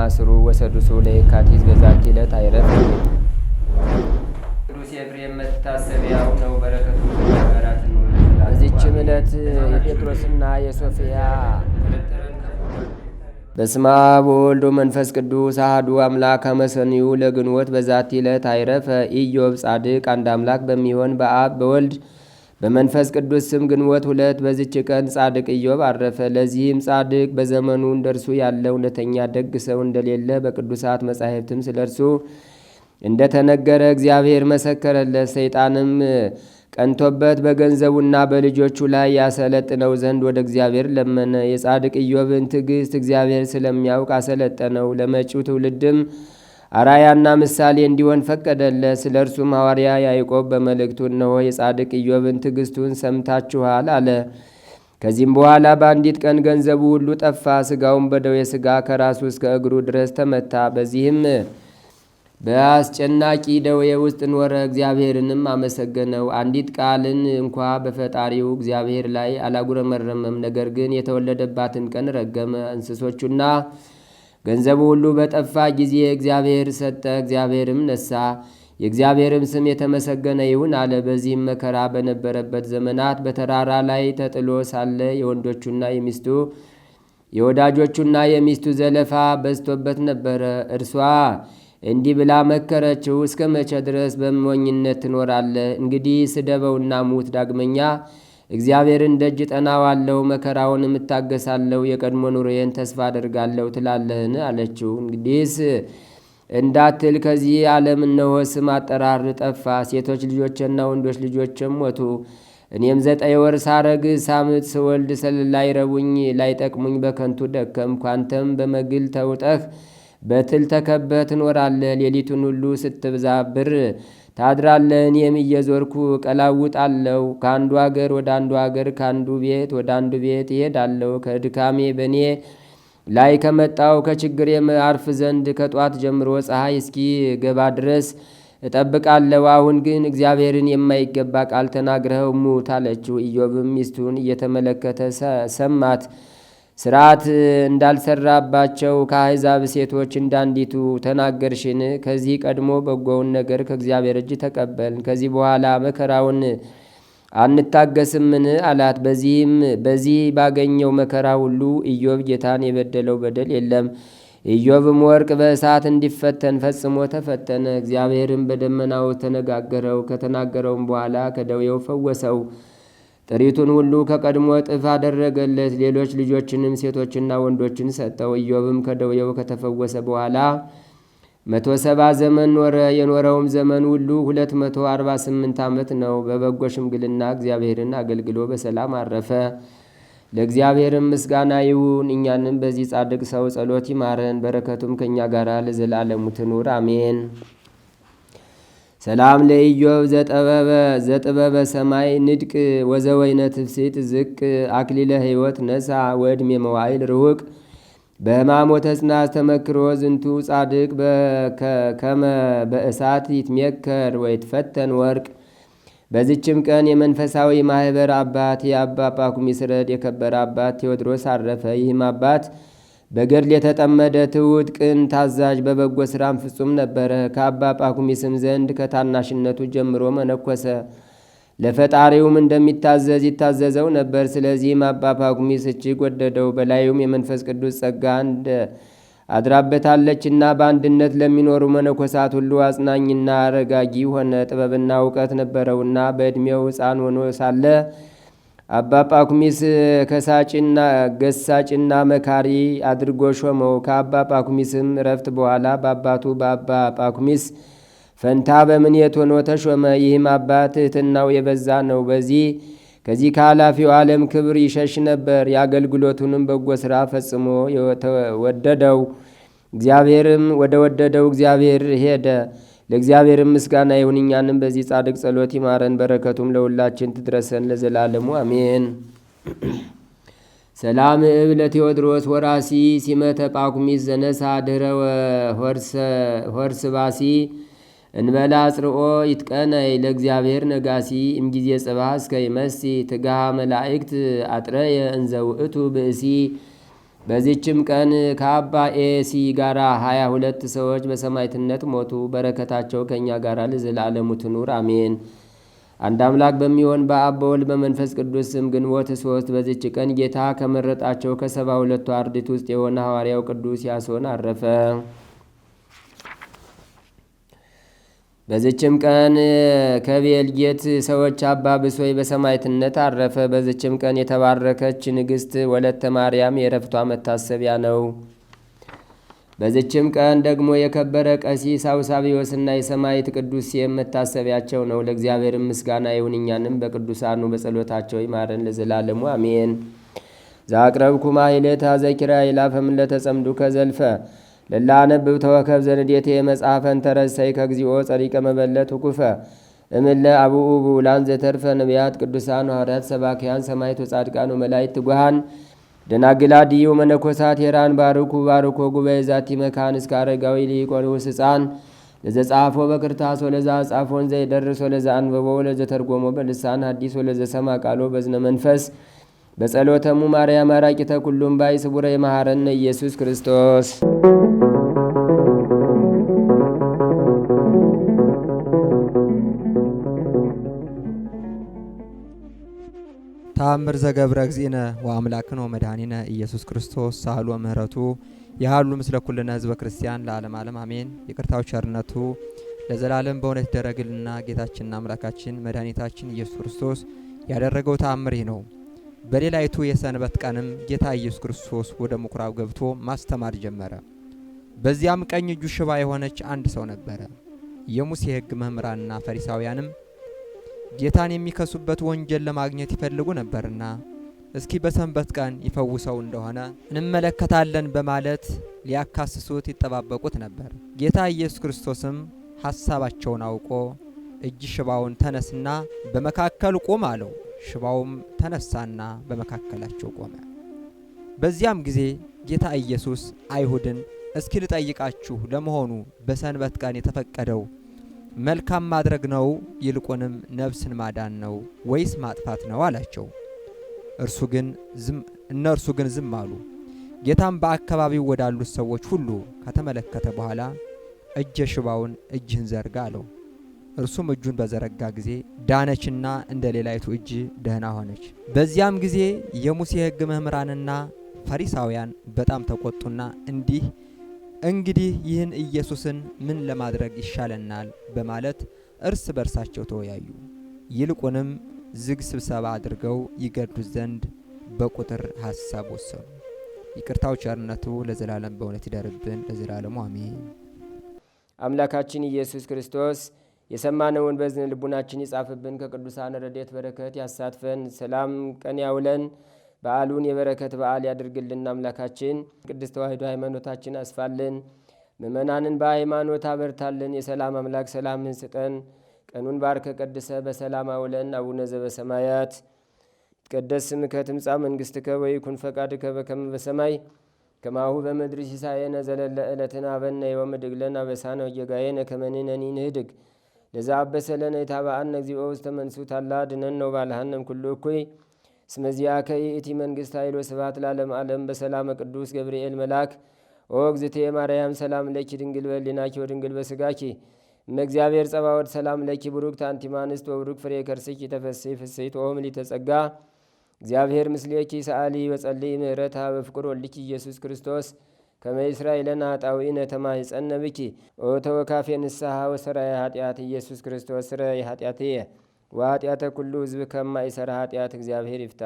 ማስሩ ወሰዱሱ ለየካቲት በዛቲ ዕለት አይረፍ። ቅዱስ ኤፍሬም መታሰቢያው ነው። በረከቱ በዚችም ዕለት የጴጥሮስና የሶፊያ በስማ በወልዶ መንፈስ ቅዱስ አህዱ አምላክ አመሰኒዩ ለግንቦት በዛቲ ዕለት አይረፈ ኢዮብ ጻድቅ አንድ አምላክ በሚሆን በአብ በወልድ በመንፈስ ቅዱስ ስም ግንቦት ሁለት በዚች ቀን ጻድቅ ኢዮብ አረፈ። ለዚህም ጻድቅ በዘመኑ እንደ እርሱ ያለ እውነተኛ ደግ ሰው እንደሌለ በቅዱሳት መጻሕፍትም ስለ እርሱ እንደ ተነገረ እግዚአብሔር መሰከረለት። ሰይጣንም ቀንቶበት በገንዘቡና በልጆቹ ላይ ያሰለጥነው ዘንድ ወደ እግዚአብሔር ለመነ። የጻድቅ ኢዮብን ትዕግሥት እግዚአብሔር ስለሚያውቅ አሰለጠነው። ለመጪው ትውልድም አራያና ምሳሌ እንዲሆን ፈቀደለት። ስለ እርሱም ሐዋርያ ያዕቆብ በመልእክቱ እነሆ የጻድቅ ኢዮብን ትዕግስቱን ሰምታችኋል አለ። ከዚህም በኋላ በአንዲት ቀን ገንዘቡ ሁሉ ጠፋ። ስጋውን በደዌ ስጋ ከራሱ እስከ እግሩ ድረስ ተመታ። በዚህም በአስጨናቂ ደዌ ውስጥ ኖረ። እግዚአብሔርንም አመሰገነው። አንዲት ቃልን እንኳ በፈጣሪው እግዚአብሔር ላይ አላጉረመረመም። ነገር ግን የተወለደባትን ቀን ረገመ። እንስሶቹና ገንዘቡ ሁሉ በጠፋ ጊዜ እግዚአብሔር ሰጠ፣ እግዚአብሔርም ነሳ። የእግዚአብሔርም ስም የተመሰገነ ይሁን አለ። በዚህም መከራ በነበረበት ዘመናት በተራራ ላይ ተጥሎ ሳለ የወንዶቹና የሚስቱ የወዳጆቹና የሚስቱ ዘለፋ በዝቶበት ነበረ። እርሷ እንዲህ ብላ መከረችው፣ እስከ መቼ ድረስ በሞኝነት ትኖራለህ? እንግዲህ ስደበውና ሙት ዳግመኛ እግዚአብሔርን ደጅ ጠናዋለሁ፣ መከራውን የምታገሳለሁ፣ የቀድሞ ኑሬን ተስፋ አድርጋለሁ ትላለህን? አለችው። እንግዲህስ እንዳትል ከዚህ ዓለም እነሆ ስም አጠራር ጠፋ፣ ሴቶች ልጆችና ወንዶች ልጆችም ሞቱ። እኔም ዘጠኝ ወር ሳረግ ሳምት ስወልድ ስል ላይረቡኝ ላይጠቅሙኝ በከንቱ ደከምኩ። አንተም በመግል ተውጠህ በትል ተከበ ትኖራለህ። ሌሊቱን ሁሉ ስትብዛብር ታድራለ እኔም እየዞርኩ ቀላውጣለሁ። ከአንዱ አገር ወደ አንዱ አገር፣ ከአንዱ ቤት ወደ አንዱ ቤት እሄዳለሁ ከድካሜ በእኔ ላይ ከመጣው ከችግር አርፍ ዘንድ ከጧት ጀምሮ ፀሐይ እስኪ ገባ ድረስ እጠብቃለሁ። አሁን ግን እግዚአብሔርን የማይገባ ቃል ተናግረኸው ሙት አለችው። ኢዮብም ሚስቱን እየተመለከተ ሰማት። ስርዓት እንዳልሰራባቸው ከአሕዛብ ሴቶች እንዳንዲቱ ተናገርሽን? ከዚህ ቀድሞ በጎውን ነገር ከእግዚአብሔር እጅ ተቀበልን፣ ከዚህ በኋላ መከራውን አንታገስምን አላት። በዚህም በዚህ ባገኘው መከራ ሁሉ ኢዮብ ጌታን የበደለው በደል የለም። ኢዮብም ወርቅ በእሳት እንዲፈተን ፈጽሞ ተፈተነ። እግዚአብሔርም በደመናው ተነጋገረው። ከተናገረውም በኋላ ከደዌው ፈወሰው። ጥሪቱን ሁሉ ከቀድሞ እጥፍ አደረገለት። ሌሎች ልጆችንም ሴቶችና ወንዶችን ሰጠው። ኢዮብም ከደውየው ከተፈወሰ በኋላ መቶ ሰባ ዘመን ኖረ። የኖረውም ዘመን ሁሉ ሁለት መቶ አርባ ስምንት ዓመት ነው። በበጎ ሽምግልና እግዚአብሔርን አገልግሎ በሰላም አረፈ። ለእግዚአብሔርም ምስጋና ይሁን። እኛንም በዚህ ጻድቅ ሰው ጸሎት ይማረን፣ በረከቱም ከእኛ ጋር ለዘላለሙ ትኑር አሜን። ሰላም ለኢዮብ ዘጠበበ ዘጥበበ ሰማይ ንድቅ ወዘወይነ ትፍሲጥ ዝቅ አክሊለ ሕይወት ነሳ ወድሜ መዋይል ርሁቅ በማሞ ተጽና ተመክሮ ዝንቱ ጻድቅ ከመ በእሳት ይትሜከር ትፈተን ወርቅ። በዚችም ቀን የመንፈሳዊ ማኅበር አባት የአባ ጳኩሚስረድ የከበረ አባት ቴዎድሮስ አረፈ። ይህም አባት በገድል የተጠመደ ትውት ቅን፣ ታዛዥ፣ በበጎ ስራም ፍጹም ነበረ። ከአባ ጳኩሚስም ዘንድ ከታናሽነቱ ጀምሮ መነኮሰ። ለፈጣሪውም እንደሚታዘዝ ይታዘዘው ነበር። ስለዚህም አባ ጳኩሚስ እጅግ ወደደው። በላዩም የመንፈስ ቅዱስ ጸጋ እንደ አድራበታለችና በአንድነት ለሚኖሩ መነኮሳት ሁሉ አጽናኝና አረጋጊ ሆነ። ጥበብና እውቀት ነበረውና በዕድሜው ሕፃን ሆኖ ሳለ አባ ጳኩሚስ ከሳጭና ገሳጭና መካሪ አድርጎ ሾመው። ከአባ ጳኩሚስም እረፍት በኋላ በአባቱ በአባ ጳኩሚስ ፈንታ በምኔት ሆኖ ተሾመ። ይህም አባት እህትናው የበዛ ነው። በዚህ ከዚህ ከኃላፊው ዓለም ክብር ይሸሽ ነበር። የአገልግሎቱንም በጎ ሥራ ፈጽሞ ወደደው። እግዚአብሔርም ወደ ወደደው እግዚአብሔር ሄደ። ለእግዚአብሔርም ምስጋና ይሁን። እኛንም በዚህ ጻድቅ ጸሎት ይማረን፣ በረከቱም ለሁላችን ትድረሰን ለዘላለሙ አሜን። ሰላም እብ ለቴዎድሮስ ወራሲ ሲመተ ጳኩሚስ ዘነሳ ድህረ ሆርስ ባሲ እንበላ ጽርኦ ይትቀነይ ለእግዚአብሔር ነጋሲ እምጊዜ ጽባህ እስከ ይመሲ ትጋሃ መላእክት አጥረየ እንዘውእቱ ብእሲ በዚችም ቀን ከአባ ኤሲ ጋር ሀያ ሁለት ሰዎች በሰማይትነት ሞቱ። በረከታቸው ከእኛ ጋር ለዘላለሙ ትኑር አሜን። አንድ አምላክ በሚሆን በአብ በወልድ በመንፈስ ቅዱስ ስም ግንቦት ሶስት በዚች ቀን ጌታ ከመረጣቸው ከሰባ ሁለቱ አርድእት ውስጥ የሆነ ሐዋርያው ቅዱስ ያሶን አረፈ። በዝችም ቀን ከቤልጌት ሰዎች አባ ብሶይ በሰማዕትነት አረፈ። በዝችም ቀን የተባረከች ንግሥት ወለተ ማርያም የረፍቷ መታሰቢያ ነው። በዝችም ቀን ደግሞ የከበረ ቀሲስ አውሳቢዎስና የሰማዕት ቅዱስ የመታሰቢያቸው ነው። ለእግዚአብሔር ምስጋና ይሁን፣ እኛንም በቅዱሳኑ በጸሎታቸው ይማረን ለዘላለሙ አሜን። ዛቅረብኩማ ይለታ ዘኪራ ይላፈምለተጸምዱ ከዘልፈ ለላነብብ ተወከብ ዘንዴቴ የመጽሐፈን ተረሰይ ከግዚኦ ጸሪቀ መበለት ውኩፈ እምለ አብኡ ብውላን ዘተርፈ ነቢያት ቅዱሳን ሐዋርያት ሰባኪያን ሰማይቶ ወጻድቃን ወመላይት ትጉሃን ደናግላ ድዩ መነኮሳት ሄራን ባርኩ ባርኮ ጉባኤ ዛቲ መካን እስከ አረጋዊ ሊቆንውስ ሕፃን ለዘጻፎ በክርታስ ወለዛ ጻፎን ዘይደርስ ወለዛ አንብቦ ወለዘተርጎሞ በልሳን ሀዲስ ወለዘሰማ ቃሎ በዝነ መንፈስ በጸሎተሙ ማርያም አራቂ ተኩሉም ባይ ስቡረ የመሐረነ ኢየሱስ ክርስቶስ ተአምር ዘገብረ እግዚእነ ወአምላክነ ወመድኃኒነ ኢየሱስ ክርስቶስ ሳህሉ ምህረቱ የሃሉ ምስለ ኩልነ ህዝበ ክርስቲያን ለዓለም ዓለም አሜን። ይቅርታው ቸርነቱ ለዘላለም በእውነት ደረግልና ጌታችንና አምላካችን መድኃኒታችን ኢየሱስ ክርስቶስ ያደረገው ተአምር ይህ ነው። በሌላይቱ የሰንበት ቀንም ጌታ ኢየሱስ ክርስቶስ ወደ ምኩራብ ገብቶ ማስተማር ጀመረ። በዚያም ቀኝ እጁ ሽባ የሆነች አንድ ሰው ነበረ። የሙሴ ሕግ መምህራንና ፈሪሳውያንም ጌታን የሚከሱበት ወንጀል ለማግኘት ይፈልጉ ነበርና እስኪ በሰንበት ቀን ይፈውሰው እንደሆነ እንመለከታለን በማለት ሊያካስሱት ይጠባበቁት ነበር። ጌታ ኢየሱስ ክርስቶስም ሐሳባቸውን አውቆ እጅ ሽባውን ተነስና በመካከል ቁም አለው። ሽባውም ተነሳና በመካከላቸው ቆመ። በዚያም ጊዜ ጌታ ኢየሱስ አይሁድን እስኪ ልጠይቃችሁ፣ ለመሆኑ በሰንበት ቀን የተፈቀደው መልካም ማድረግ ነው ይልቁንም ነፍስን ማዳን ነው ወይስ ማጥፋት ነው አላቸው። እርሱ ግን ዝም እነርሱ ግን ዝም አሉ። ጌታም በአካባቢው ወዳሉት ሰዎች ሁሉ ከተመለከተ በኋላ እጀ ሽባውን እጅህን ዘርጋ አለው። እርሱም እጁን በዘረጋ ጊዜ ዳነችና እንደ ሌላይቱ እጅ ደህና ሆነች። በዚያም ጊዜ የሙሴ ሕግ መምህራንና ፈሪሳውያን በጣም ተቆጡና እንዲህ እንግዲህ ይህን ኢየሱስን ምን ለማድረግ ይሻለናል በማለት እርስ በርሳቸው ተወያዩ። ይልቁንም ዝግ ስብሰባ አድርገው ይገዱት ዘንድ በቁጥር ሀሳብ ወሰኑ። ይቅርታው ቸርነቱ ለዘላለም በእውነት ይደርብን፣ ለዘላለሙ አሜን። አምላካችን ኢየሱስ ክርስቶስ የሰማነውን በዝን ልቡናችን ይጻፍብን፣ ከቅዱሳን ረድኤት በረከት ያሳትፈን፣ ሰላም ቀን ያውለን፣ በዓሉን የበረከት በዓል ያድርግልን። አምላካችን ቅድስት ተዋሕዶ ሃይማኖታችን አስፋልን፣ ምእመናንን በሃይማኖት አበርታልን። የሰላም አምላክ ሰላምን ስጠን። ቀኑን ባርከ ቀድሰ በሰላም አውለን። አቡነ ዘበሰማያት ይትቀደስ ስምከ ትምጻእ መንግሥትከ ወይኩን ፈቃድከ በከመ በሰማይ ከማሁ በምድር ሲሳየነ ዘለለ ዕለትን ሀበነ ዮም ለነ አበሳነ ወጌጋየነ ከመ ንሕነኒ ንኅድግ ለዘአበሰለነ የታብአነ እግዚኦ ውስተ መንሱት ታላ ድነን ነው ባልሃንም ኩሉ እኩይ ስመዚያ ከይ እቲ መንግስት ኃይሎ ስብሐት ለዓለም ዓለም በሰላም ቅዱስ ገብርኤል መልአክ ኦ እግዝእቴ ማርያም ሰላም ለኪ ድንግል በሊናኪ ወድንግል በስጋኪ እመእግዚአብሔር ጸባወድ ሰላም ለኪ ብሩክት አንቲ እምአንስት ወብሩክ ፍሬ ከርስኪ ተፈሥሒ ፍሥሕት ኦምሊ ተጸጋ እግዚአብሔር ምስሌኪ ሰአሊ በጸልይ ምህረታ በፍቅር ወልኪ ኢየሱስ ክርስቶስ ከመእስራኤልን አጣዊነ ተማይጸነ ኦቶ ኦተወካፌ ንስሓ ወሰራ ኃጢአት ኢየሱስ ክርስቶስ ስረይ የ ወኃጢአተ ኩሉ ህዝብ ከማ ይሰራ ኃጢአት እግዚአብሔር ይፍታ።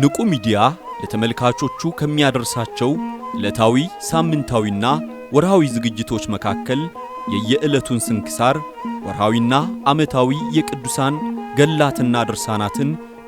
ንቁ ሚዲያ ለተመልካቾቹ ከሚያደርሳቸው ዕለታዊ ሳምንታዊና ወርሃዊ ዝግጅቶች መካከል የየዕለቱን ስንክሳር ወርሃዊና ዓመታዊ የቅዱሳን ገላትና ድርሳናትን